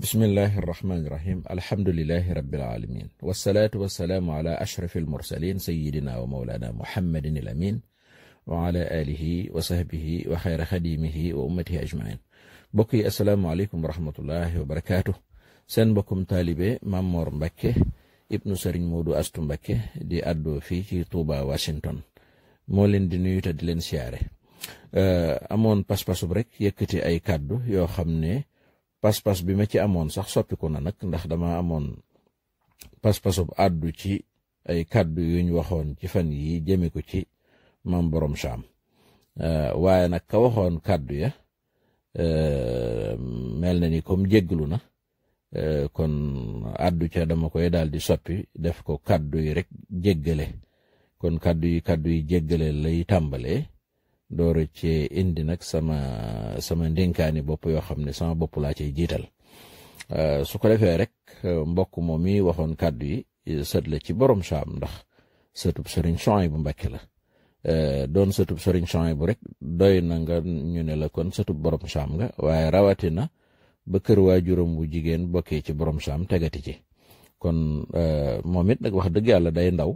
بسم الله الرحمن الرحيم الحمد لله رب العالمين والصلاة والسلام على أشرف المرسلين سيدنا ومولانا محمد الأمين وعلى آله وصحبه وخير خديمه وأمته أجمعين بقي السلام عليكم ورحمة الله وبركاته سن بكم طالب مامور مكة ابن سرين مودو أستم مبكة دي أدو في طوبة واشنطن مولين دي نيوتا دي أمون باس باسو بريك يكتي أي كادو يو خمني pas-pas bi ma ci amoon sax soppiku na nak ndax dama amoon pas-pasub addu ci ay kàddu yuñ waxoon ci fan yi jëme ko ci mam borom euh waye nak ka waxoon kaddu ya euh, mel melna ni kom jégglu na euh, kon addu ci dama koy daldi di soppi def ko kaddu yi rek jéggale kon kaddu yi kaddu yi jéggale lay tambalé doro ci indi nak sama Euh, sama ndénkaani bopp yoo xam ne sama bopp laa cay jiital euh, su ko defee rek euh, mbokk moom yi waxoon kàddu yi sët ci borom saam ndax sëtub sëriñ Soy bu Mbàkke la doon sëtub sëriñ Soy bu rek doy na nga ñu ne la kon sëtub borom saam nga waaye rawatina ba kër waajuram bu jigéen bokkee ci borom saam tegati ci kon moom it nag wax dëgg yàlla day ndaw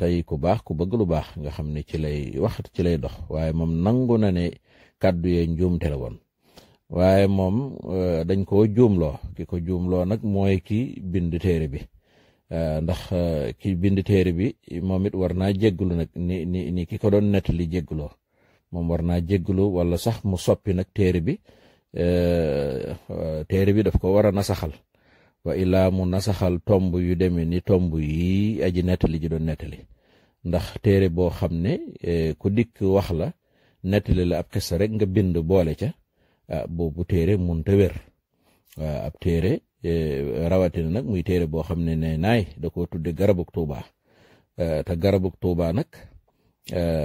tey ku baax ku bëgg lu baax nga xam ne ci lay wax ci lay dox waaye moom nangu na kàddu yee njuumte la woon waaye moom euh, dañ ko juumloo ki ko juumloo nag mooy ki bindu téere bi euh, ndax euh, ki bind téere bi moom it war naa jégglu nag ni ni ni ki ko doon nettali jéggloo moom war naa jégglu wala sax mu soppi nag téere bi téere bi daf ko war a nasaxal wa illaa mu nasaxal tomb yu demee ni tomb yi aji nettali ji doon nettali ndax téere bo xam ne ku dikk wax la nettali la ab xisa rekk nga bind boole ca ah, boobu téere munta wér ah, ab téere eh, rawatina nag muy téere boo xam ne nee naay da koo tudde garabug tuuba ah, te garabug tuuba nag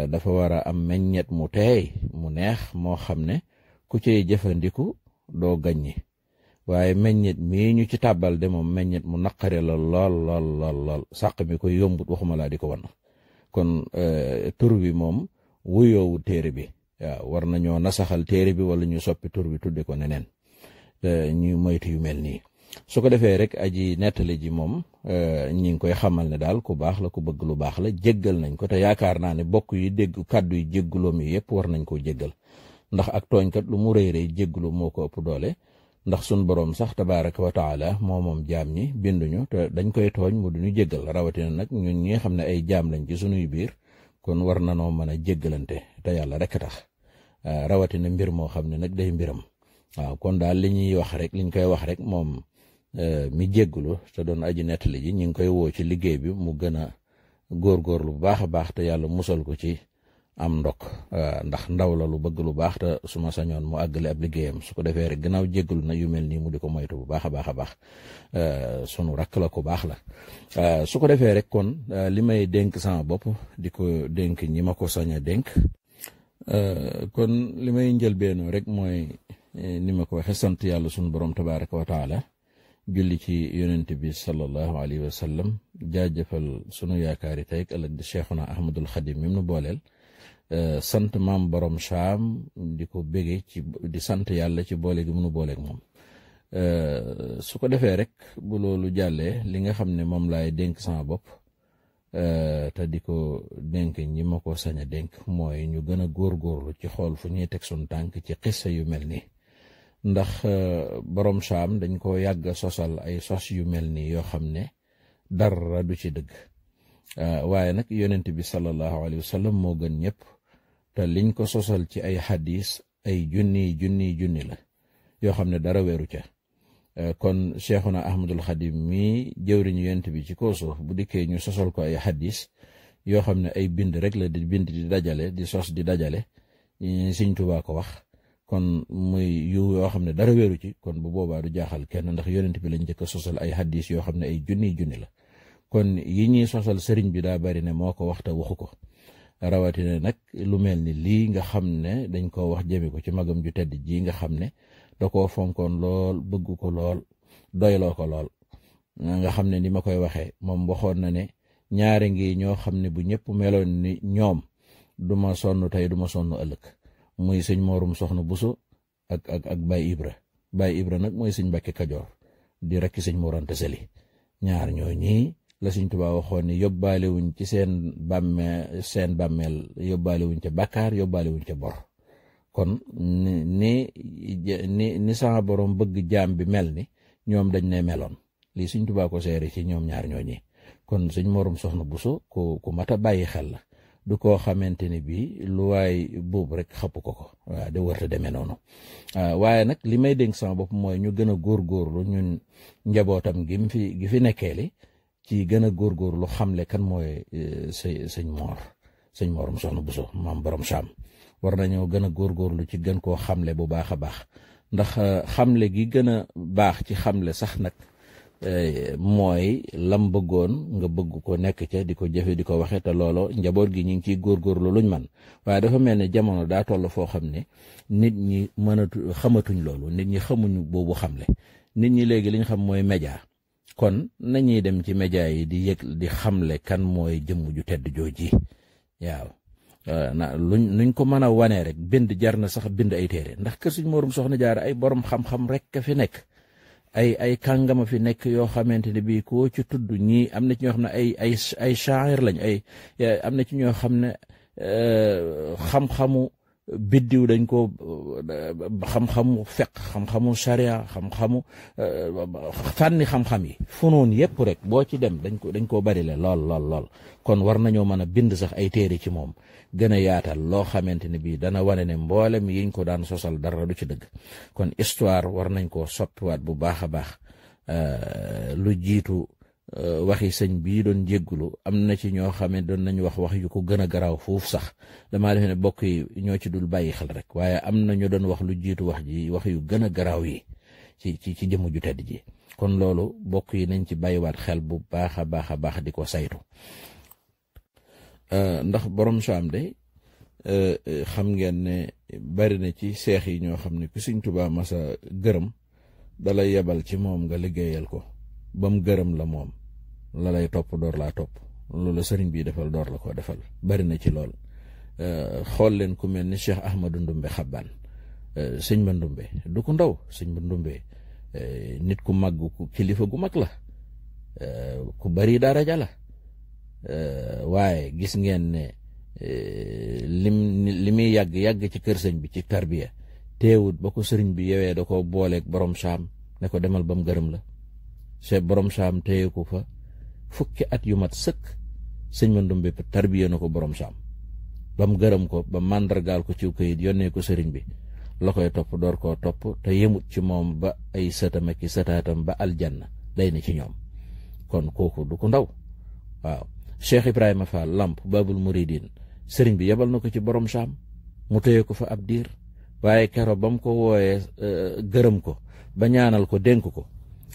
dafa war a am meññet mu teey mu neex moo xam ne ku cay jëfandiku doo gaññi waaye meññet mii ñu ci tàbbal de moom meññet mu naqare la lool lool lool lool sàq mi koy yombut waxuma laa di ko wan kon eh, tur bi moom wuyowu téere bi waaw war nañoo nasaxal téere bi wala ñu soppi tur bi tudde ko neneen eh, ñu moytu yu mel nii su ko defee rek aji nettale ji moom eh, ñi ngi koy xamal ne daal ku baax la ku bëgg lu baax la jéggal nañ ko te yaakaar naa ne bokk yi dégg kàddu yi jégguloom yi yëpp war nañ koo jéggal ndax ak tooñkat lu mu rëy rey jéggulu moo ko ëpp doole ndax sun borom sax tabaaraka wa taala moo moom jaam ñi binduñu te dañ koy tooñ mu duñu jéggal rawatina nag ñun ñi xam ne ay jaam lañ ci sunuy biir kon war na noo mën a jéggalante te yàlla rek tax eh, rawatina mbir moo xam ne nag day mbiram waaw kon daal li ñuy wax rek liñ koy wax rek moom eh, mi jéggalu te doon aji nettali ji ñu ngi koy woo ci liggéey bi mu gën a góorgóorlu bu baax a baax te yàlla musal ko ci am ndok euh, ndax ndaw la lu bëgg lu baax te su ma sañoon mu àggale ab liggéeyam su ko defee rek gannaaw jégalu na yu mel nii mu di ko moytu bu baax a baax a baax euh, sunu rakk la ko baax la euh, su ko defee rek kon li may dénk sama bopp di ko dénk ñi ma ko sañ a dénk kon li may njëlbeenoo rek mooy ni ma ko waxee sant yàlla sunu borom tabaaraka wa taala julli ci yonent bi sallallahu alayhi wa sallam jaajëfal sunu yaakaari tey ak ëllëg di Cheikhuna Ahmadul Xadim mi nu booleel. Euh, sant maam borom saam di ko bége ci di sant yàlla ci boole gi munu booleeg moom euh, su ko defee rek bu loolu jàllee li nga xam ne moom laay dénk sama bopp euh, te di ko dénk ñi ma ko sañ a dénk mooy ñu gën a góorlu ci xool fu ñuy teg suñ tànk ci xissa yu mel ni ndax borom saam dañ ko yàgg sosal ay sos yu mel nii yoo xam ne dara du ci dëgg waaye nag yonent bi sallallahu alayhi wa moo gën ñëpp te liñ ko sosal ci ay xadis ay junni junni junni la yoo xam ne dara weeru ca eh, kon cheikhuna ahmadul xadim mii jëwriñu yent bi ci ko suuf bu dikkee ñu sosal ko ay xadis yoo xam ne ay bind rek la di bind di dajale di sos di dajale Sëñ Tuubaa ko wax kon muy yu yoo xam ne dara weeru ci kon bu boobaa du jaaxal kenn ndax yonent bi lañ njëkk a sosal ay xadis yoo xam ne ay junni junni la kon yi ñuy sosal sëriñ bi daa bari ne moo ko wax waxu ko rawatina nag lu mel ni lii nga xam ne dañ koo wax jëme ko ci magam ju tedd jii nga xam ne da koo fonkoon lool bëgg ko lool doyloo ko lool nga xam ne ni ma koy waxee moom waxoon na ne ñaari ngi ñoo xam ne bu ñëpp meloon ni ñoom du ma sonn tey du ma sonn ëllëg muy sëñ moorum soxna buso ak ak ak Baye Ibra Baye Ibra nag mooy sëñ Mbàkke Kajoor di rekk sëñ Mor seli ñaar ñoo ñii la Sëriñ Tuubaa waxoon ne yóbbaale wuñ ci seen bàmme seen bàmmeel yóbbaale wuñ ca bàkkaar yóbbaale ca bor kon ni ni ni sama borom bëgg jaam bi mel ni ñoom dañ ne meloon lii Sëriñ Tuubaa ko seere ci ñoom ñaar ñooñi kon suñ morom soxna Buso ku ku mat a bàyyi xel la du koo xamante ni bii lu waay boobu rek xapu ko ko waaw de wërta demee noonu ah, waaye nag li may dénk sama bopp mooy ñu gën a góorgóorlu ñun njabootam gi fi gi fi nekkee li ci gën a xam le kan mooy e, sëñ Mor sëñ Morum Soxna Bousso maam borom Saam war nañoo gën a góorgóorlu ci gën koo le bu baax a baax ndax e, xamle gi gën a baax ci xamle sax nag e, mooy lam bëggoon nga bëgg ko nekk ca di ko jëfe di ko waxe te loolo njaboot gi ñu ngi góor góorgóorlu luñ man waaye dafa mel ne jamono daa toll foo xam ne nit ñi mënatu xamatuñu loolu nit ñi xamuñu boobu le nit ñi léegi liñ xam mooy média kon nañuy dem ci média yi di yëg di xamle kan mooy jëmm ju tedd jooji waaw euh, na luñ nuñ ko mën a wane rek bind jar na sax bind ay téere ndax kër suñ morum soxna jaar ay borom xam-xam rek ka fi nekk ay ay kàngama fi nekk yoo xamante ne bii koo ci tudd ñii am na ci xam ne ay ay ay shaa'ir lañ ay am na ci ñoo xam ne euh, xam-xamu biddiw dañ ko euh, xam-xamu feq xam-xamu charia xam-xamu euh, fànni xam-xam yi funoon yépp rek boo ci dem dañ ko dañ koo bari lool lool lool kon war nañoo mën a bind sax ay téere ci moom gën a yaatal loo xamante ne bii dana wane ne mboolem yiñ ko daan sosal dara du ci dëgg kon histoire war nañ koo soppiwaat bu baax a baax euh, lu jiitu Euh, waxi sëñ bii doon jéggulu am na ci ñoo xam doon nañu wax wax yu ko gën a garaaw foofu sax damaa defe ne bokk yi ñoo ci dul bàyyi xel rek waaye am na ñu doon wax lu jiitu wax ji wax yu gën a garaaw yi ci ci ci jëmm ju tedd ji kon loolu bokk yi nañ ci bàyyiwaat xel bu baax a baax a baax di ko saytu euh, ndax borom saam de euh, xam ngeen ne bari na ci seex yi ñoo xam ne ku Sëñ Tuubaa masa gërëm dala yebal ci moom nga liggéeyal ko. ba mu gërëm la moom la lay topp door laa topp loolu sëriñ bi defal door la ko defal bari na ci lool euh, xool leen ku mel ni Cheikh Ahmadou Ndumbe Xabbaan euh, sëñ ba Ndumbe du ku ndaw sëñ ba euh, nit ku mag ku kilifa gu mag la ku bari daraja la waaye gis ngeen ne lim li muy yàgg yàgg ci kër sëñ bi ci tarbiya teewut ba ko sëriñ bi yewee da ko booleek borom saam ne ko demal ba mu gërëm la se borom saam téye ko fa fukki at yu mat sëkk sëñ Mandumbe tarbiye na ko borom saam ba mu gërëm ko ba màndargaal ko ciw kayit yónnee ko sëriñ bi la koy topp door ko topp te yemut ci moom ba ay sëtam ak i sëtaatam ba aljanna day na ci ñoom kon kooku du ko ndaw waaw Cheikh Ibrahima Fall làmp Babul Mouridine sëriñ bi yebal na ko ci borom saam mu téye ko fa ab diir waaye kero ba mu ko wooyee euh, gërëm ko ba ñaanal ko dénk ko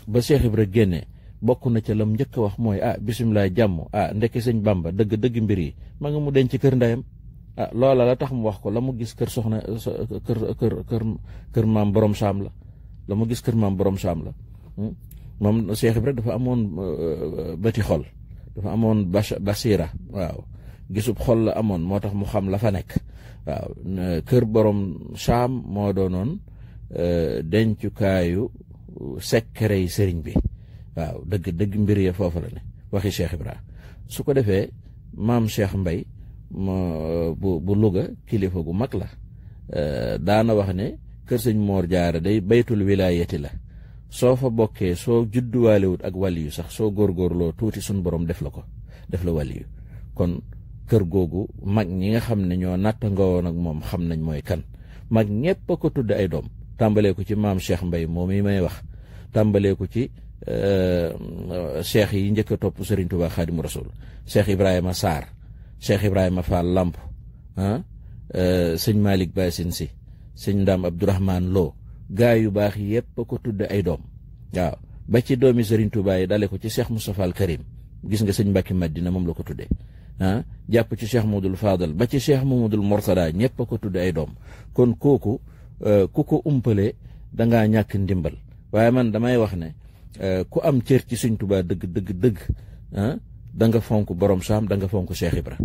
ba Cheikh Ibra genné bokku na ci lam ñëk wax moy ah bismillah jamm ah ndekki señ Bamba deug deug mbir yi ma nga mu ci kër ndayam ah loola la tax mu wax ko lamu gis kër soxna kër kër kër kër mam borom saam la lamu gis kër mam borom la mom hmm? Cheikh Ibra dafa amone euh, xol dafa amone basira waaw gisub xol la amone motax mu xam la fa nek waaw kër borom non moo euh, kayu sekkere yi sëriñ bi waaw dëgg dëgg mbir ya foofu la ne waxi bi Ibra su ko defee maam Cheikh Mbay bu bu kilifa gu mag la euh, daana wax ne kër sëñ Moor Jaara day baytul wilaayati la soo fa bokkee soo judduwaalewut ak wàlli yu sax soo góorloo tuuti sun borom def la ko def la wàlli kon kër googu mag ñi nga xam ne ñoo natt nga woon ak moom xam nañ mooy kan mag ñépp a ko tudd ay doom tàmbalee ko ci maam Cheikh Mbay moom mi may wax tàmbalee ko ci euh, cheikh yi njëkk topp Serigne Touba Xaadimu Rasul Cheikh Ibrahima Sarr Cheikh Ibrahima Fall Lamp ah euh, sëñ Malick Basin si sëñ Ndam Abdourahman loo gaa yu baax yépp ko tudde ay doom waaw ba ci doomi Serigne Touba yi dale ko ci Cheikh Moustapha Al Karim gis nga sëñ Mbacke Madina moom la ko tuddee ah jàpp ci Cheikh Modou Fadal ba ci Cheikh Mamadou Mourtada ñëpp a ko tudd ay doom kon kooku. Euh, ku ko umpalee da ñàkk ndimbal waaye man damay wax ne euh, ku am cër ci Sëñ Tuubaa dëgg dëgg dëgg ah, da nga fonk borom saam da fonk Cheikh Ibra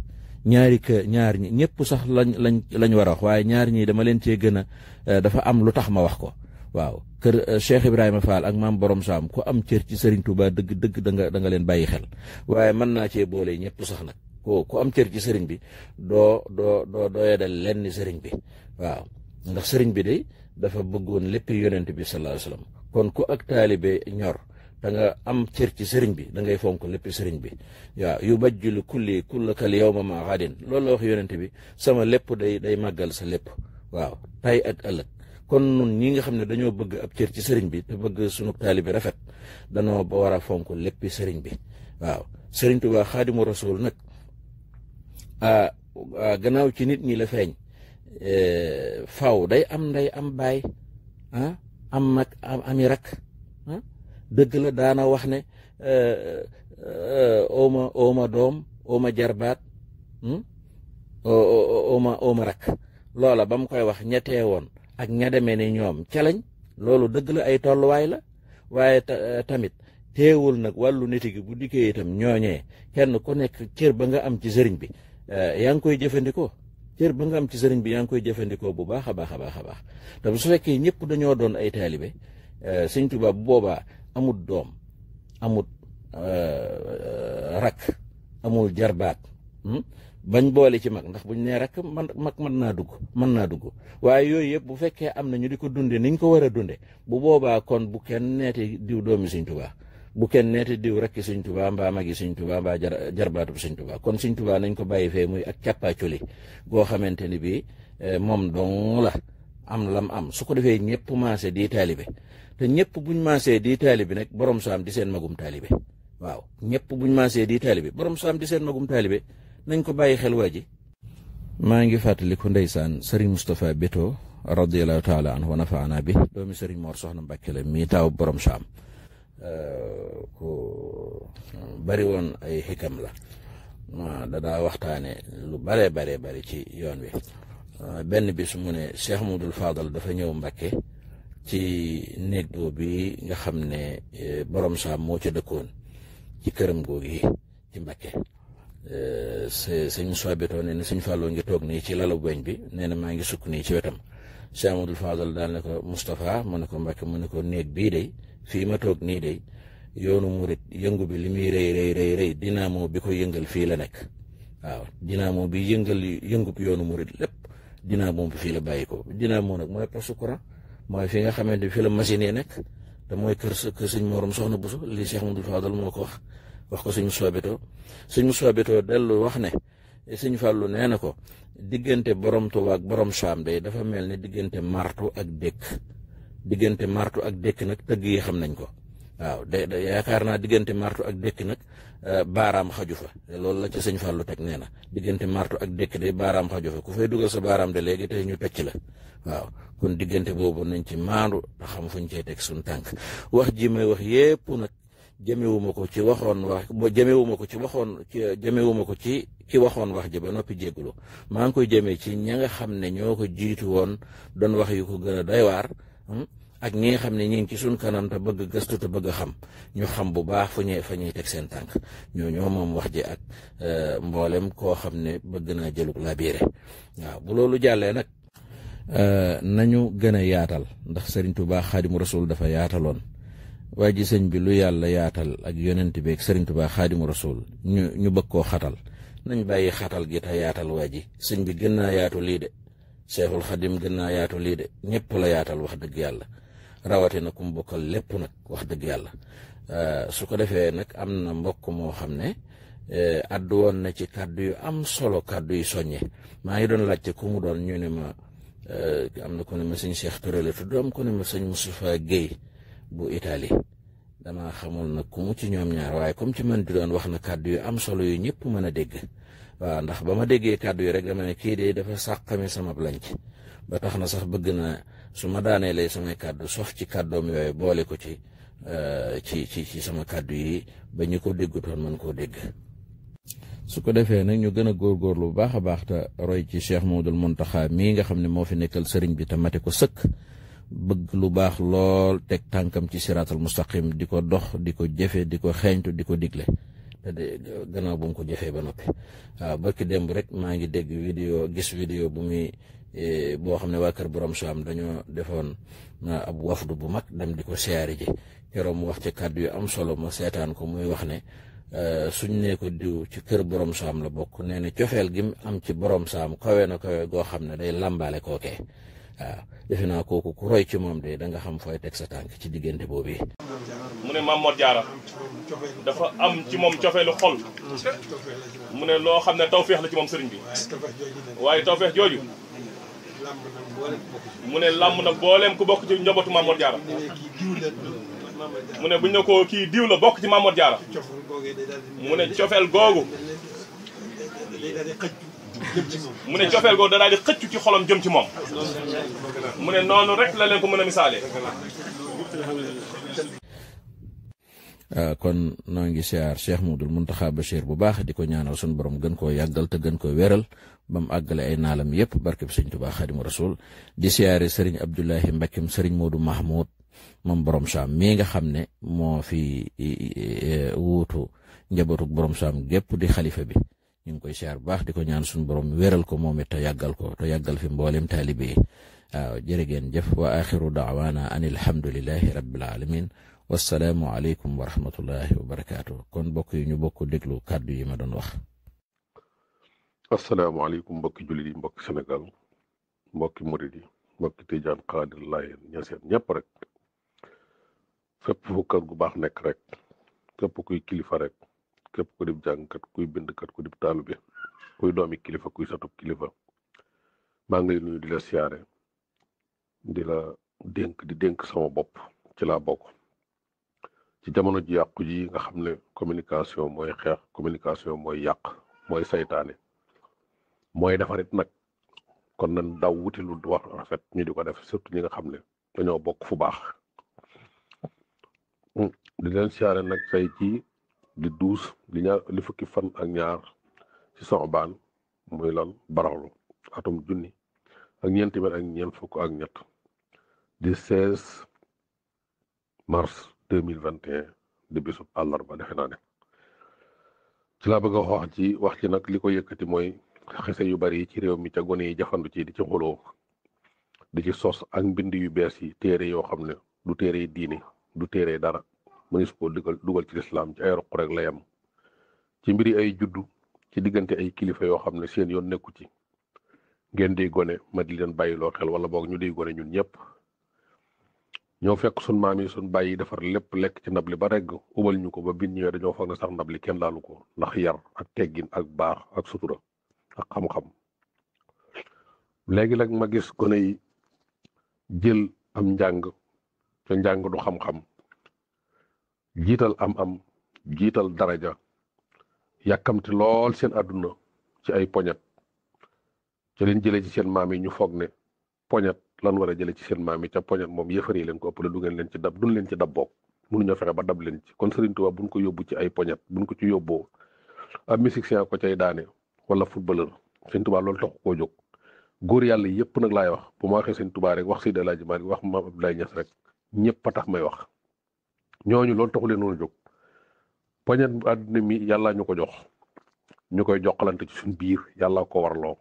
ñaari ka ñaar ñëpp sax lañ lañ lañ war a waaye ñaar ñii dama leen cee gën a euh, dafa am lu tax ma wax ko waaw kër Cheikh Ibrahima Fall ak maam borom saam ku am cër ci Serigne Touba dëgg dëgg da nga leen bàyyi xel waaye mën naa cee boole ñëpp sax nag ko ku am cër ci Serigne bi doo doo doo doyadal lenn Serigne bi waaw. ndax sëriñ bi de dafa bëggoon lépp yonent bi sallallahu alayhi wasallam kon ku ak taalibe ñor da nga am cër ci sëriñ bi da ngay fonk lépp sëriñ bi waaw yu bajjul kulli kullakal yawma ma xadin loolu la wax yonent bi sama lépp day day màggal sa lépp waaw tay ak ëllëg kon nun ñi nga xam ne dañoo bëgg ab cër ci sëriñ bi te bëgg sunu taalibe rafet danoo ba war a fonk léppi sëriñ bi waaw sëriñ Tuubaa xaadimu rasul nag ah, ah, gannaaw ci nit ñi la feeñ faw day am nday am baay am mag am ami rak dëgg la daana wax ne ooma ooma doom ooma jarbaat hm? ooma ooma rak loola ba mu koy wax ñettee woon ak ña demee ne ñoom calañ loolu dëgg la ay tolluwaay la waaye eh, tamit teewul nag wàllu nit gi bu dikkee itam ñooñee kenn ku nekk cër ba nga am ci sëriñ bi eh, yaa ngi koy jëfandikoo cër ba nga am ci sëriñ bi yaa ngi koy jëfandikoo bu baax a baax a baax a baax su fekkee ñëpp dañoo doon ay taalibe eh, sëñ tubaa bu boobaa amut doom amut eh, rakk amul jarbaat hmm? bañ boole ci mag ndax buñ nee rakk man mag mën naa dugg mën naa dugg waaye yooyu yëpp bu fekkee am na ñu di ko dunde niñ ko war a dunde bu boobaa kon bu kenn neeti diw doomi sëñ Tuubaa bu kenn neeti diw rek suñ tubaa mbaa magi suñ tubaa mbaa jarbaatub suñ tubaa kon suñ tubaa nañ ko bàyyi fee muy ak càppaaculi goo xamante ni bii eh, moom dong la am lam am su ko defee ñëpp maase di taalibe te ñëpp buñ maasee di taalibe nag borom saam di seen magum taalibe waaw ñëpp buñ maasee di taalibe borom saam di seen magum nañ ko bàyyi xel waa ji maa ngi fàttaliku ndeysaan Serigne Moustapha Beto radiyallahu taala anhu wa nafaana bi doomi Serigne Mor Soxna Mbàkke la mii taw borom saam ku bari woon ay xikam la waaw dadaa waxtaane lu baree baree bari ci yoon wi benn bis mu ne Cheikh Mudul Fadal dafa ñëw Mbakke ci néeg bi nga xam ne e, borom saam moo ca dëkkoon ci këram googu yi ci Mbakke sëñ Sobeto nee na sëñ Fallou ngi toog nii ci lalu weñ bi nee na maa ngi sukk nii ci wetam Cheikh Amadou Fadal daal ne ko Moustapha mu ne ko Mbacke mu ne ko néeg bii de fii ma toog nii de yoonu murit yëngu bi li muy rey rëy rey rëy dynamo bi ko yëngal fii la nekk waaw moom bi yëngal yëngu yoonu murit lépp dynamo moom fii la bàyyi ko dynamo nag mooy poste courant mooy fi nga xamante ni fii la machine yi nekk te mooy kër kër sëñ Morom Soxna Bousso lii Cheikh Amadou Fadal moo ko wax wax ko sëñ Moussa Beto sëñ Moussa Beto dellu wax ne. sëñ Fallou nee na ko diggante borom Tuuba ak borom Saam day dafa mel ne diggante martu ak dëkk diggante martu ak dëkk nag tëgg yi xam nañ ko waaw de yaakaar naa diggante martu ak dëkk nag euh, baaraam xaju fa loolu la ci sëñ Fallou teg nee diggante martu ak dëkk de baaraam xaju fa ku fay dugal sa baaraam de léegi tey ñu tecc la waaw kon diggante boobu nañ ci maandu te xam fuñ cee teg suñ tànk wax ji may wax yépp nag. jëmewuma ko ci waxoon wax jëmewuma ko ci waxoon jëmewuma ko ci ki waxoon wax ji ba noppi jégalu maa ngi koy jëmee ci ña nga xam ne ñoo ko jiitu woon doon wax yu ko gën a doy waar hmm, ak ñi nga xam ne ñi ngi ci suñ kanam te bëgg gëstu te bëgg xam ñu xam bu baax fu ñuy fa ñuy teg seen tànk ñoo ñoo moom wax ji ak eh, mboolem koo xam ne bëgg naa jëlug la biire waaw bu loolu jàllee nag eh, nañu gën a yaatal ndax Sëriñ Tuubaa Xaadimu rasul dafa yaataloon waa ji sëñ bi lu yàlla yaatal ak yonent bi ak sëriñ Tuubaa xaadimu rasul ñu ñu bëgg koo xatal nañ bàyyi xatal gi te yaatal waa ji sëñ bi gën naa yaatu lii de seexul xadim gën naa yaatu lii de ñëpp la yaatal wax dëgg yàlla rawatina ku mu bokkal lépp nag wax dëgg yàlla euh, su ko defee nag am na mbokk moo xam ne euh, addu won na ci kàddu yu am solo kàddu yu soññe maa ngi doon laajte ku mu doon ñu ne ma euh, am na ku ne ma sëñ Cheikh Touré la tudd am ku ma sëñ Moustapha Guèye bu Italie dama xamul nag ku mu ci ñoom ñaar waaye comme ci man di doon wax na kàddu yu am solo yu ñëpp mën a dégg waaw ndax ba ma déggee kàddu yi rek dama ne kii de dafa sàqami sama lanc ba tax na sax bëgg na su ma daanee lay samay kàddu sof ci kàddoom yooyu boole ko ci euh, ci ci ci sama kàddu yi ba ñu ko déggutoon mën koo dégg. su ko defee nag ñu gën a góor lu baax a baax te roy ci Cheikh Mawdul Muntaxa mii nga xam ne moo fi nekkal sëriñ bi te mate ko sëkk. bëgg lu baax lool teg tànkam ci siraatal mustaqim di ko dox di ko jëfe di ko xeeñtu di ko digle te de gannaaw bu mu ko jëfee ba noppi waaw barki démb rek maa ngi dégg vidéo gis vidéo bu muy e, boo xam ne waa kër borom saam dañoo defoon ab wafdu bu mag dem di ko siyaare ji keroog wax ci kàddu yu am solo ma seetaan ko muy wax ne e, suñ nee ko diw ci kër borom saam la bokk nee na cofeel gi mu am ci borom saam kawe na kawe goo xam ne day làmbaale kookee waaw ah, defe naa kooku ku roy ci moom de da nga xam fooy teg sa tànk ci diggante boobu mu ne Maam Mor dafa am ci moom cofeelu xol mu ne loo xam ne tawféex la ci moom sëriñ bi waaye tawféex jooju mu ne làmb na booleem ku bokk ci njabootu Maam Mor mu ne bu ñu ne ko kii diw la bokk ci Maam Mor Jaara mu ne cofeel googu mu ne cofeel googu da daal xëccu ci xolam jëm ci moom mu ne rek la ko mën a misaalee ah, kon noo ngi siyaar Cheikh Mouhamadoul Mountakha Bachir bu baax di ko ñaanal suñu borom gën koo yàggal te gën koo wéral ba mu àggale ay naalam yëpp barkeb sëñ Tuubaa Xaadimu Rasuul di siyaare sëriñ Abdullahi Mbakkim sëriñ Modou Mahmoud moom borom saam mii nga xam ne moo fi eh, eh, wuutu njabootu borom saam gépp di xalifa bi ñu ngi koy siyaar bu baax di ko ñaan suñu borom wéral ko moom it te ko te yàggal fi mboolem taalibe yi waaw jërë ngeen jëf wa axiru daawaana an alhamdulilahi rabbil alamin wasalaamu aleykum wa rahmatullahi kon mbokk yi ñu bokk déglu kàddu yi ma doon wax. asalaamaaleykum mbokki jullit yi mbokki Sénégal ñëpp rek fépp fu kep ko dib jàngkat kuy kat ko dib taalube kuy domi kilifa kuy satop kilifa maa ngi lay nuyu di la siaré di la denk di denk sama bop ci la Cita ci jamono ji yàqu ji nga xamné communication moy xex communication moy yàq moy saytane moy defarit nak kon nan daw wuti lu wax rafet ñu diko def surtout ñi nga xamné dañoo bok fu bax hmm, di len siaré nak fay ci di douze di ñaar li fukki fan ak ñaar ci soxbaan muy lan barawlu atum junni ak ñeent téeméer ak ñeent fuk ak ñett di seize mars deux mille vingt et un di bisub àllarba defe naa ne ci laa bëgg a wax ci wax ci nag li ko yëkkati mooy xese yu bari ci réew mi ca gone jafandu ci di ci xuloo di ci sos ak mbind yu bees yi téere yoo xam du téere diine du téere dara mënees koo dugal dugal ci lislaam ci ay roq rek la yem ci mbiri ay juddu ci diggante ay kilifa yoo xam ne seen yoon nekku ci ngeen di gone ma di leen bàyyiloo xel wala boog ñu di gone ñun ñëpp ñoo fekk sun maam yi sun bàyyi defar lépp lekk ci ndab li ba regg ubal ñu ko ba bin ñëwee dañoo foog ne sax ndab li kenn laalu ko ndax yar ak teggin ak baax ak sutura ak xam-xam léegi nag ma gis gone yi jël am njàng te njàng du xam-xam jiital am-am jiital daraja yàkkamti lool seen àdduna ci ay poñet ca leen jëlee ci seen maam ñu foog ne poñet lan war a jëlee ci seen maam yi ca poñet moom yëfari leen ko ëppale du ngeen leen ci dab duñ leen ci dab boog mënuñoo fexe ba dab leen ci kon Sëriñ Tuubaa buñ ko yóbbu ci ay poñet buñ ko ci yóbboo ab musicien ko cay daane wala footballeur Sëriñ Tuubaa loolu tax koo jóg góor yàlla yëpp nag laay wax bu ma waxee Sëriñ Tuubaa rek wax Seydi Alaaji Maalik wax Maam Abdoulaye Niass rek ñëpp tax may wax ñooñu loolu taxu leen noonu jóg poñet àdduna mi yàlla ñu ko jox ñu koy joxalante ci suñ biir yàlla ko waraloo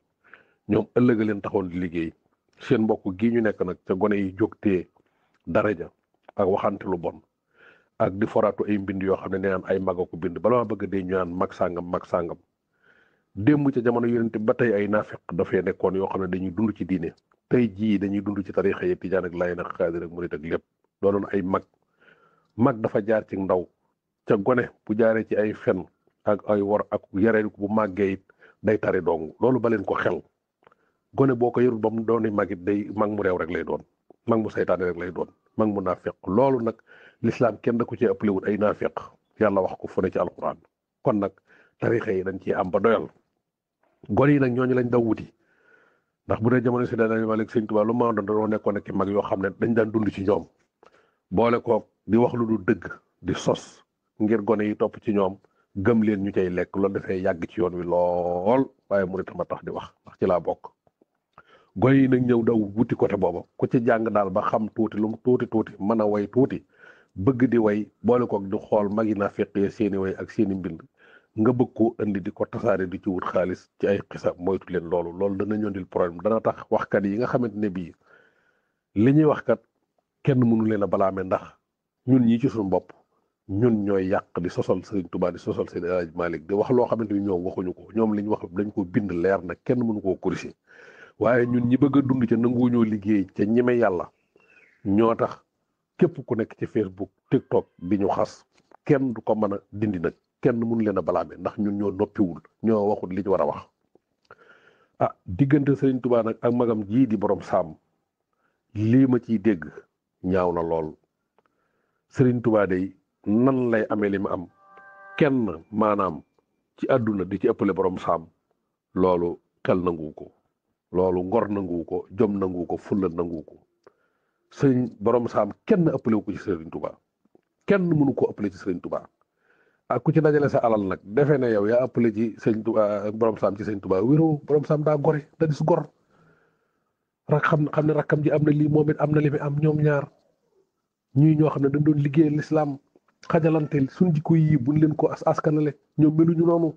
ñoom ëllëg leen taxoon di liggéey seen mbokk gi ñu nekk nag ca gone yi jóg tee daraja ak waxante lu bon ak di foraatu ay mbind yoo xam ne nee naan ay mag a ko bind bala maa bëgg dee ñu naan mag sàngam mag sàngam démb ca jamono yonente ba tey ay naafeq dafee nekkoon yoo xam ne dañuy dund ci diine tey jii dañuy dund ci tarixa yi tijaan ak laay nag xaadir ak murit ak lépp doonoon ay mag mag dafa jaar cig ndaw ca gone bu jaaree ci ay fen ak ay wor ak yareel bu màggee it day tari dong loolu ba leen ko xel gone boo ko yarul ba mu doon mag it day mag mu réew rek lay doon mag mu saytaane rek lay doon mag mu naafeq loolu nag lislaam kenn da ko cee ëppalewut ay naafeq yàlla wax ko fu ne ci alquran kon nag tarixa yi dañ ciy am ba doyal gone yi nag ñooñu lañ daw wuti ndax bu dee jamono si daan Malik Sëñ Tuubaa lu ma doon dañoo nekkoon ak mag yoo xam ne dañ daan dund ci ñoom boole ko di wax lu du dëgg di sos ngir gone yi topp ci ñoom gëm leen ñu cay lekk loolu dafay yàgg ci yoon wi lool waaye tam ma tax di wax ndax ci laa bokk gone yi nag ñëw daw wuti côté boobu ku ci jàng daal ba xam tuuti lu mu tuuti tuuti mën a woy tuuti bëgg di way boole koog di xool mag yi naa feqee seeni woy ak seeni mbind nga bëgg koo indi di ko tasaare di ci wut xaalis ci ay xisa moytu leen loolu loolu dana ñëndil problème dana tax waxkat yi nga xamante ne bii li ñuy wax kenn mënu leen a balaame ndax ñun ñii ci suñu bopp ñun ñooy yàq di sosal Serigne Touba di sosal Seydi El Hadji di wax loo xamante ni ñoom waxuñu ko ñoom li wax dañ ko bind leer na kenn mënu koo corriger waaye ñun ñi bëgg a dund ca nanguwuñoo liggéey ca ñeme yàlla ñoo tax képp ku nekk ci Facebook TikTok bi ñu xas kenn du ko mën a dindi nag kenn mënu leen a balaame ndax ñun ñoo noppiwul ñoo waxul li ñu war a wax ah diggante sëriñ Touba nag ak magam jii di borom saam lii ma ciy dégg ñaaw na lool. Serigne tubaa day nan lay amee li mu am kenn maanaam ci àdduna di ci ëppale borom saam loolu xel nangu ko loolu ngor nanguwu ko jom nanguwu ko fulla nangu ko sëriñ borom saam kenn ëppale ko ci Serigne tubaa kenn mënu ko ëppale ci Serigne Touba ak ku ci dajale sa alal nag defe na yow yaa ëppale ci Serigne Touba borom saam ci Serigne tubaa wéro borom saam daa gore da dis gor rak xam xam ne rakkam ji am na lii moom it am na li am ñoom ñaar. ñuy ñoo xam ne dañ doon liggéeyal lislaam xajalante suñ jikko yi buñ leen ko as askanale ñoom meluñu noonu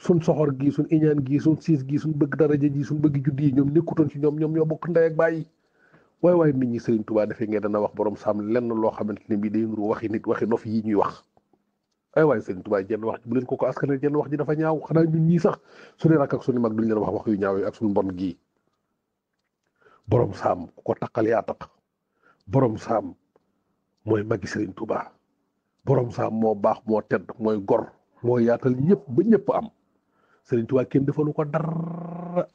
suñ soxor gi suñ iñaan gi sun sis gi sun bëgg daraja ji suñ bëgg juddi yi ñoom nekkutoon ci ñoom ñoom ñoo bokk ndey ak bàyyi waay waay nit ñi sëriñ tubaa defee ngeen dana wax borom sam lenn loo xamante ne bii day nuru waxi nit waxi nof yi ñuy wax ay waay sëriñ tubaa jenn wax bu leen ko ko askane jenn wax ji dafa ñaaw xanaa ñun ñii sax suñu rak ak suñu mag duñ leen wax wax yu ñaaw ak suñu bon gii borom saam ko taqal yaa tak borom saam mooy magi serigne tuba borom sa moo baax moo tedd mooy gor moo yaatal ñëpp ba ñëpp am serigne tuba kenn defalu ko dara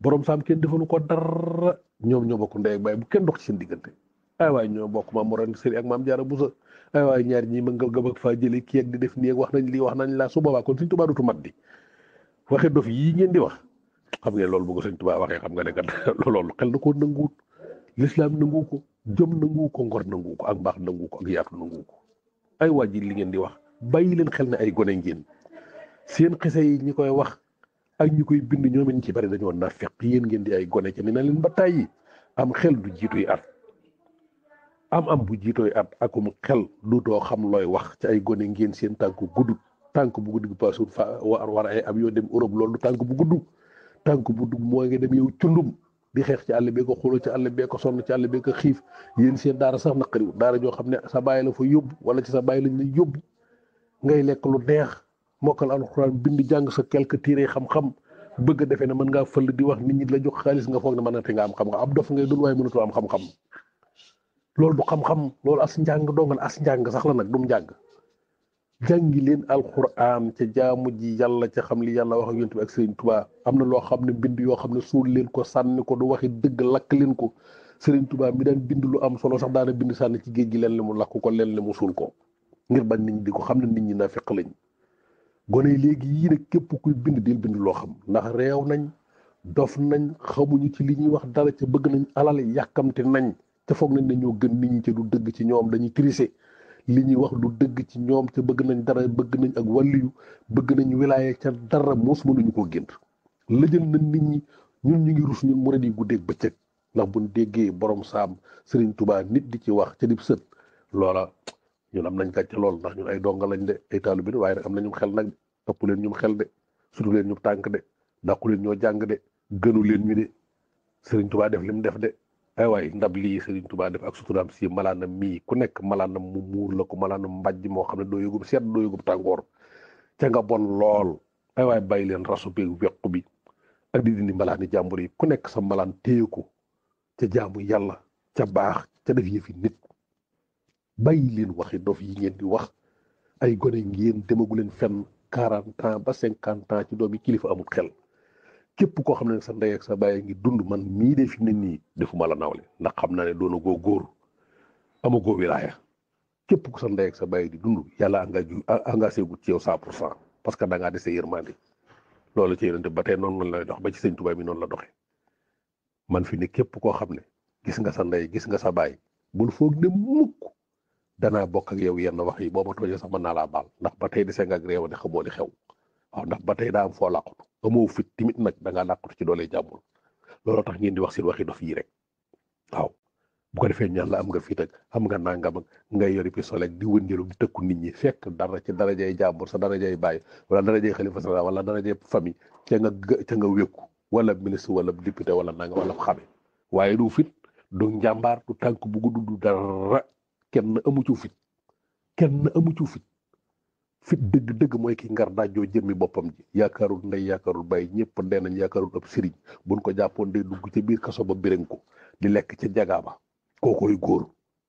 borom saam kenn defalu ko dara ñoom ñoo bokk ndey ak baay bu kenn dox ci seen diggante ay waay ñoo bokk ma moran serigne ak maam jaara busa ay waay ñaar ñi ma nga gëb ak fa jële ki ak di def ak wax nañ li wax nañ la su boobaa kon serigne tuba dutu mat di waxe dof yi ngeen di wax xam ngeen loolu bu ko serigne tuba waxe xam nga ne kat loolu xel da ko nanguwut l'islam nangu ko jom nangu ko ngor nangu ko ak mbaax nangu ko ak yaatu nangu ko ay waa ji li ngeen di wax bàyyi leen xel ne ay gone ngeen seen xese yi ñi koy wax ak ñi koy bind ñoom it ñu ci bari dañoo na feq yéen ngeen di ay gone ca ne na leen ba tàyyi am xel du jiituy at am am bu jiitooy at akum xel du doo xam looy wax ci ay gone ngeen seen tànk gudd tànk bu gudd paasul fa war ay am yoo dem Europe loolu tànk bu gudd tànk bu gudd moo ngi dem yow cundum bi xeex ci àll bee ko xuloo ci àll bee ko sonn ci àll bi ko xiif yéen seen daara sax naqariwul daara joo xam ne sa bàyyi la fa yóbbu wala ci sa bàyyi lañ la yóbbu ngay lekk lu neex mokkal alxuraan bind jàng sa quelque téere xam-xam bëgg a defee ne mën ngaa fël di wax nit ñi la jox xaalis nga foog ne mën na te nga am xam-xam ab dof ngay dul waaye mënatoo am xam-xam loolu du xam-xam loolu as njàng dongal as njàng sax la nag du mu njàng jàngi leen alquran ca jaamu ji yàlla ca xam li yàlla wax ak yonent bi ak Serigne tubaa am na loo xam ne mbind yoo xam ne suul leen ko sànni ko du waxi dëgg lakk leen ko Serigne Touba mi daan bind lu am solo sax daana bind sànni ci géej gi leen la mu lakk ko leen la mu suul ko ngir bañ nit ñi di ko xam ne nit ñi naa naafeq lañ gone léegi yii nag képp kuy bind dil bind loo xam ndax réew nañ dof nañ xamuñu ci li ñuy wax dara ca bëgg nañ alal yàkkamte nañ ca foog nañ ne gën nit ñi dëgg ci ñoom dañuy tricher li ñuy wax du dëgg ci ñoom ca bëgg nañ dara bëgg nañ ak wàlliyu bëgg nañ wilaaya ca dara mos mënuñu ko gént lëjël na nit ñi ñun ñu ngi rus ñun murid yi guddeeg bëccëg ndax bu buñ déggee borom saam Serigne Touba nit di ci wax ca dib sët loola ñun am nañ gàcce lool ndax ñun ay donga lañ de ay taalibe waaye nag am nañu xel nag ëpp leen ñu xel de sutu leen ñu tànk de dàqu leen ñoo jàng de gënu leen ñu de Serigne tubaa def lim def de ay eh waay ndab lii Serigne Touba def ak suturaam si malaanam mii ku nekk malaanam mu muur la ko malaanam mbàjj moo xam ne doo yëgub seet doo yëgub tàngoor ca nga bon lool ay eh waay bàyyi leen rasu bi weq bi ak di dindi malaani jàmbur yi ku nekk sa malaan téye ko ca jaamu yàlla ca baax ca def yëfi nit bàyyi leen waxi yi ngeen di wax ay gone ngeen demagu leen fenn quarante ans ba cinquante ans ci doomi kilifa amul xel képp koo xam ne sa ndey ak sa baay ngi dund man mii de fi mu ne nii defuma la nawle ndax xam naa ne doona goo góor amagoo wilaaya képp ku sa ndey ak sa baay di dund yàlla engagé engagé gu ci yow 100 pour cent parce que da ngaa dese yërmande loolu ci yonente ba tey noonu la lay dox ba ci sëñ Tuubaa bi noonu la doxe man fi ne képp koo xam ne gis nga sa ndey gis nga sa baay bul foog ne mukk danaa bokk ak yow yenn wax yi boo ma toojee sax mën naa laa baal ndax ba tey dese nga ak réew ne xamoo li xew. Ah, ndax ba tey daa am foo làqutu amoo fit timit nag da ngaa làqutu ci doole jàmbur looloo tax ngeen di wax seen waxi dof yi rek waaw bu ko defee ñaan la am nga fit ak am nga nangam ak ngay yori pistol ak di wëndelu di tëkku nit ñi fekk dara ci darajay jàmbur sa darajay bàyyi wala darajay xalifa sa wala darajay famille ca nga ca nga wékku wala ministre wala député wala nangam wala xame waaye du fit du njàmbaar du tànk bu gudd du dara kenn amu ci fit kenn amu ci fit fit dëgg dëgg mooy kii ngar daajoo jëmmi boppam ji yaakaarul ndey yaakaarul bàyyi ñëpp dee nañ yaakaarul ab sëriñ buñ ko jàppoon day dugg ci biir kaso ba bireŋ ko di lekk ci ca jagaaba kookoy góor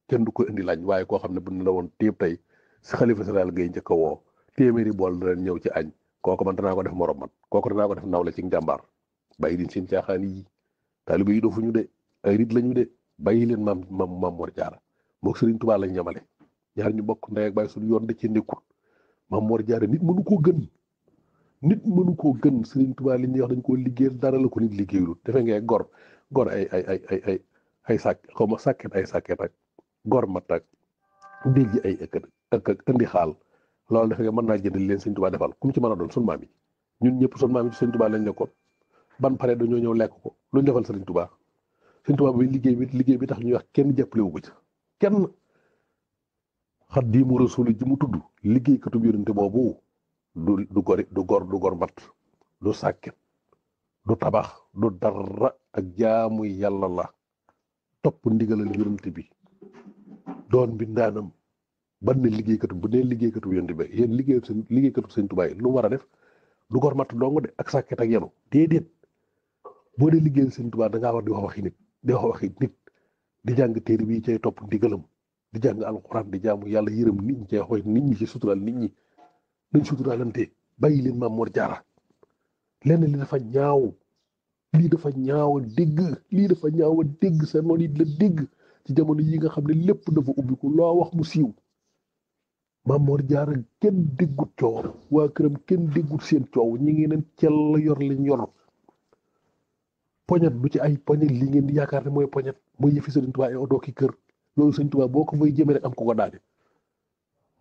kenn du ko indi laaj waaye koo xam ne bu ñu la woon téeb tey si xalifa général ngay njëkk a woo téeméeri bool dana ñëw ci añ kooku man danaa ko def morom man kooku danaa ko def nawle ci njàmbaar bàyyi din seen caaxaan yi taalibe yi dofuñu de ay nit lañu de bàyyi leen maam maam maam Mor Jaara moog Sëriñ Tuubaa lañ ñamale ñaar ñu bokk ndey ak bàyyi suñu yoon da ci nekkul maam Mor Jaara nit mënu koo gën nit mënu koo gën Serigne Touba li ñuy wax dañ koo liggéeyal dara la ko nit liggéeyul defe ngeen gor gor ay ay ay ay ay xaw ma sàkket ay sàkket ak gor mat ak dégg ay ëkk ak ak indi xaal loolu defe nga mën naa jënd leen Serigne Touba defal ku ci mën a doon sun maam yi ñun ñëpp sun maam yi ci Serigne Touba lañ nekkoon ban pare dañoo ñëw lekk ko luñ defal Serigne Touba Serigne Touba bi liggéey bi liggéey bi tax ñuy wax kenn jàppale wu ca kenn. xaddiimu rasuli ji mu tudd liggéeykatub yonente boobu du du gor du gor du gor mat du sàkket du tabax du dara ak jaamu yàlla la topp ndigalal yonente bi doon mbindaanam ban ne liggéeykatu bu nee liggéeykatu yonente bi yéen liggéey seen liggéeykatu seen tubaay lu war a def du gor mat dong de ak sàkket ak yenu déedéet boo dee liggéeyal seen tubaay da war di wax waxi nit di wax waxi nit di jàng téere bi cay topp ndigalam di jàng alxuraan di jaamu yàlla yërëm nit ñi cee xooy nit ñi ci suturaal nit ñi nañ suturaalante bàyyi leen maam Mor Jaara lenn li dafa ñaaw lii dafa ñaaw a dégg lii dafa ñaaw a dégg sa noon yi la dégg ci jamono yi nga xam ne lépp dafa ubbiku loo wax mu siiw maam Mor Jaara kenn déggut coow waa këram kenn déggut seen coow ñi ngi leen cell yor lañ yor poñet du ci ay poñet li ngeen di yaakaar ne mooy poñet mooy yëfi Sëriñ Tuubaa ay oto ki kër loolu sëñ Tuubaa boo ko fay jëmee rek am ko ko daane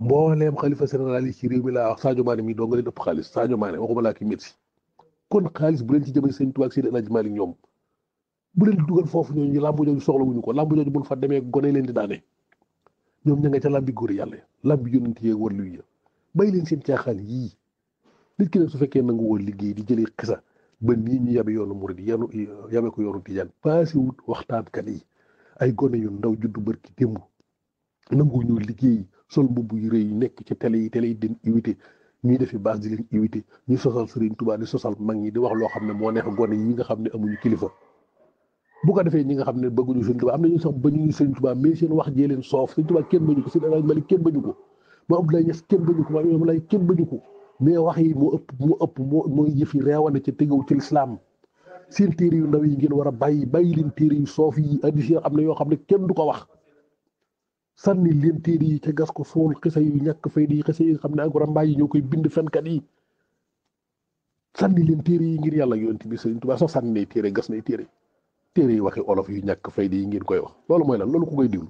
mbooleem xalifa général yi ci réew mi laa wax Sadio Mané mii doo nga leen ëpp xaalis Sadio Mané waxuma laa ki métti kon xaalis bu leen ci jëmee sëñ Tuubaa ak Seydi El Hadji Malick ñoom bu leen dugal foofu ñooñu ñu làmb jooju soxla wuñu ko làmb jooju buñ fa demee gone leen di daane ñoom ña nga ca làmbi góor yàlla làmbi yonent yee war luy bàyyi leen seen caaxaan yii nit ki su fekkee nangu liggéey di jëlee xisa ba nii ñu yabe yoonu murid yabe ko yoonu tijaan paase wut waxtaankat yi ay gone yu ndaw juddu barki démb nangu ñu liggéey sol mbubb yu rëy nekk ci télé yi télé yi den iwité ñuy defi base di leen iwité ñu sosal Sëriñ Tuubaa di sosal mag ñi di wax loo xam ne moo neex gone yi nga xam ne amuñu kilifa bu ko defee ñi nga xam ne bëgguñu Sëriñ Tuubaa am na ñu sax bañuñu Sëriñ Tuubaa mais seen wax jee leen soof Sëriñ Tuubaa kenn bañu ko seen Alaaji Malik kenn bañu ko ma Abdoulaye Niass kenn bañu ko ma wax yi mu ëpp mu ëpp moo mooy yëf yi reewane ca tegaw ci lislaam seen téere yu ndaw yi ngeen war a bàyyi bàyyi leen téere yu soof yi addis yi am na yoo xam ne kenn du ko wax sànni leen téere yi gas ko sool xisa yu ñàkk fay di xisa yi xam ne encore mbaay yi ñoo koy bind fenkat yi sànni leen yi ngir yàlla yonent bi Sëriñ Tuubaa sax sànni nay téere gas nay téere téere yi waxi olof yu ñàkk fay di yi ngeen koy wax loolu mooy lan loolu ko koy déglu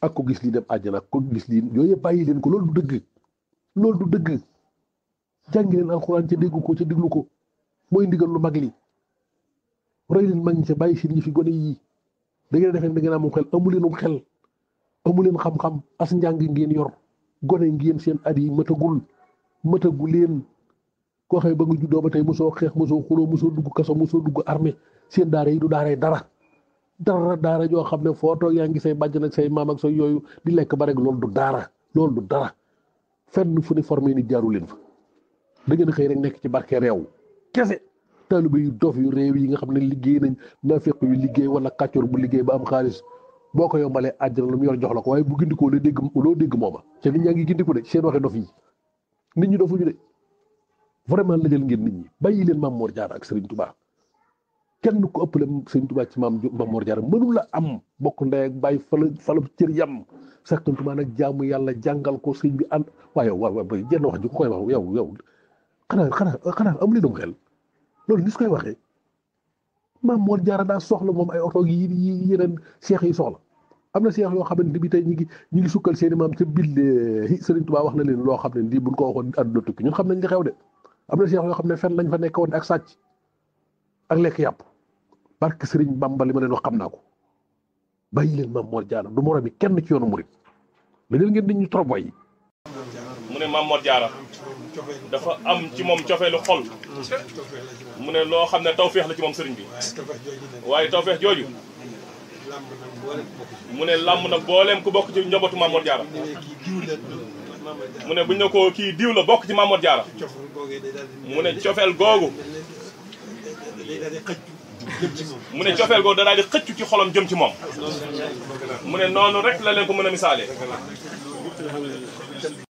ak ko gis lii dem àjjana ak ko gis lii yooyu bàyyi leen ko loolu du dëgg loolu du dëgg jàngi leen alxuraan ca dégg ko ca diglu ko mooy ndigal lu mag li roy leen mag ñi si bàyyi seen yi fi gone yii da ngeen defee da na amum xel amu leenum xel amu leen xam-xam as njàng ngeen yor gone ngéen seen at yi mëtagul mëtagu leen koo xëy ba nga juddoo ba tey mosoo xeex mosoo xuloo mosoo dugg kaso mosoo dugg armée seen daara yi du daaray dara dara daara joo xam ne foo toog yaa ngi say bàjj nag say maam ak say yooyu di lekk ba rek loolu du daara loolu du dara fenn fu ni formé nit jaaru leen fa da ngeen nekk ci barke réew taaliba yu dof yu réew yi nga xam ne liggéey nañ naafeq yu liggéey wala kàccoor bu liggéey ba am xaalis boo ko yombalee àjjana lu mu yor jox la ko waaye bu gindikoo la dégg loo dégg mooma te nit ñaa ngi gindiku de seen waxe dof yi nit ñi ñu de vraiment lajal ngeen nit ñi bàyyi leen Maam Mor Jaara ak Serigne Touba kenn ko ëppale Serigne tubaa ci maam Maam Mor Jaara mënu la am bokk ndey ak bàyyi fala falo cër yam Serigne Touba nag jaamu yàlla jàngal ko sëñ bi ànd waaye waaw waaw jenn wax ji koy wax yow yow xanaa xanaa xanaa am leen um xel loolu ni su koy waxee maam Mor Jaara daa soxla moom ay oto yi yi yeneen seex yi soxla am na seex yoo xamante bi tey ñu ngi ñu ngi sukkal seeni maam ca billaahi Sëriñ Tuubaa wax na leen loo ne lii buñ ko waxoon àdduna xam nañ li xew de yoo xam ne fen lañ fa nekk woon ak sàcc ak lekk yàpp barke Sëriñ Bàmba li ma leen xam naa ko bàyyi leen maam Mor Jaara du moromi kenn ci yoonu murit la leen ngeen nit ñu trop yi mu ne maam Mor Jaara dafa am ci moom cofeelu xol mu ne loo xam ne tawféex la ci moom sëriñ bi waaye tawféex jooju mu ne làmb nag booleem ku bokk ci njabootu Mamour Diarra mu ne bu ñu ne ko kii diw la bokk ci Mamour Diarra mu ne cofeel googu mu ne cofeel googu da daal di xëccu ci xolam jëm ci moom mu ne noonu rek la leen ko mën a misaalee